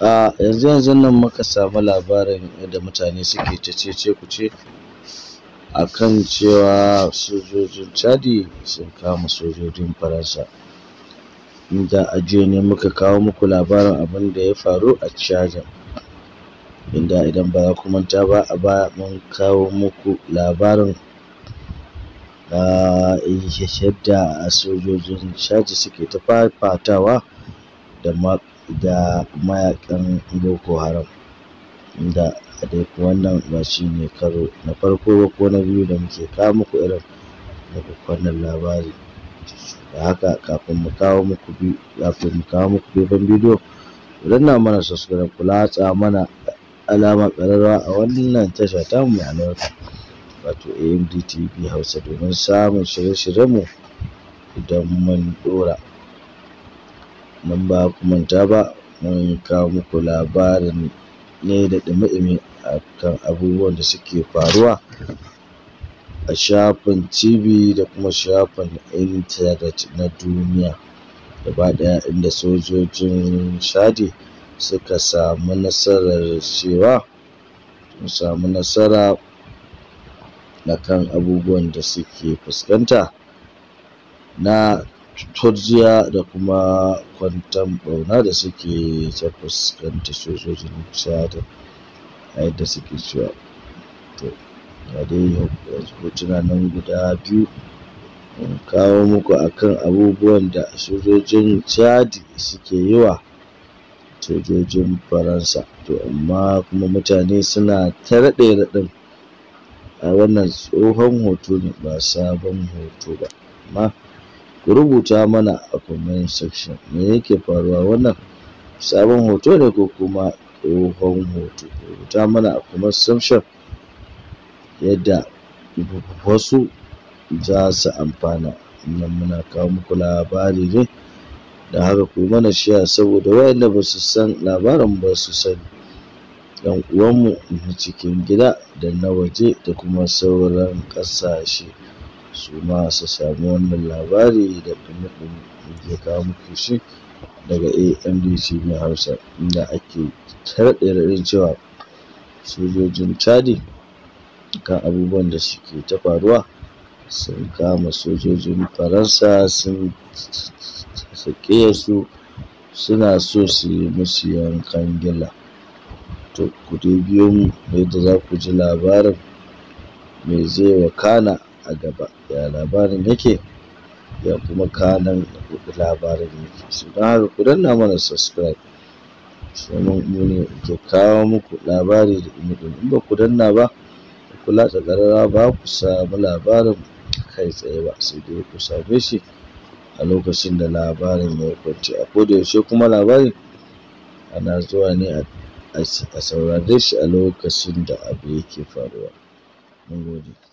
A yanzu yanzun nan muka samu labarin yadda mutane suke ta cece-kuce a kan cewa sojojin Chadi sun kama sojojin Faransa. Inda a jiya ne muka kawo muku labarin abin da ya faru a Chadin. Inda idan ba za ku manta ba a baya mun kawo muku labarin yadda sojojin Chadi suke ta fafatawa da ma da mayaƙan Boko Haram da dai wannan ba shi ne karo na farko ba ko na biyu da muke kawo muku irin wannan labari da haka kafin mu kawo muku bi kafin mu kawo muku faifan bidiyo ku danna mana subscribe ku latsa mana alama ƙararrawa a wannan tasha ta mu albarka wato AMD Hausa domin samun shirye-shiryenmu idan mun ɗora. idan ba ku manta ba mun kawo muku labarin ne da ɗumi-ɗumi a kan abubuwan da suke faruwa a shafin TV da kuma shafin intanet na duniya gaba ɗaya inda sojojin shadi suka samu nasarar cewa sun samu nasara a kan abubuwan da suke fuskanta na turjiya da kuma kwantan ɓauna da suke ta fuskanta sojojin chad a yadda suke cewa to ga dai hotuna nan guda biyu in kawo muku akan abubuwan da sojojin chad suke yi wa sojojin faransa to amma kuma mutane suna ta raɗe raɗin a wannan tsohon hoto ne ba sabon hoto ba amma ku rubuta mana a comment section me yake faruwa wannan sabon hoto ne ko kuma tsohon hoto ku rubuta mana a comment section yadda wasu za su amfana nan muna kawo muku labari ne da haka ku mana shiya saboda wayanda ba su san labarin ba su sani yan uwanmu na cikin gida da na waje da kuma sauran ƙasashe su ma su samu wannan labari da muku ke kawo muku shi daga amdc na hausa inda ake raɗe cewa sojojin chadi kan abubuwan da suke ta faruwa sun kama sojojin faransa sun sake su suna so su yi musu yankan gila to ku dai biyo mu yadda za ku ji labarin me zai wakana a gaba ya labarin yake ya kuma kanan labarin yake su don haka ku danna mana subscribe domin mu ne ke kawo muku labari da umudin in ba ku danna ba ku latsa ƙararra ba ku samu labarin kai tsaye ba sai dai ku same shi a lokacin da labarin ya kwance a koda yaushe kuma labarin ana zuwa ne a a saurare shi a lokacin da abu yake faruwa. Mun gode.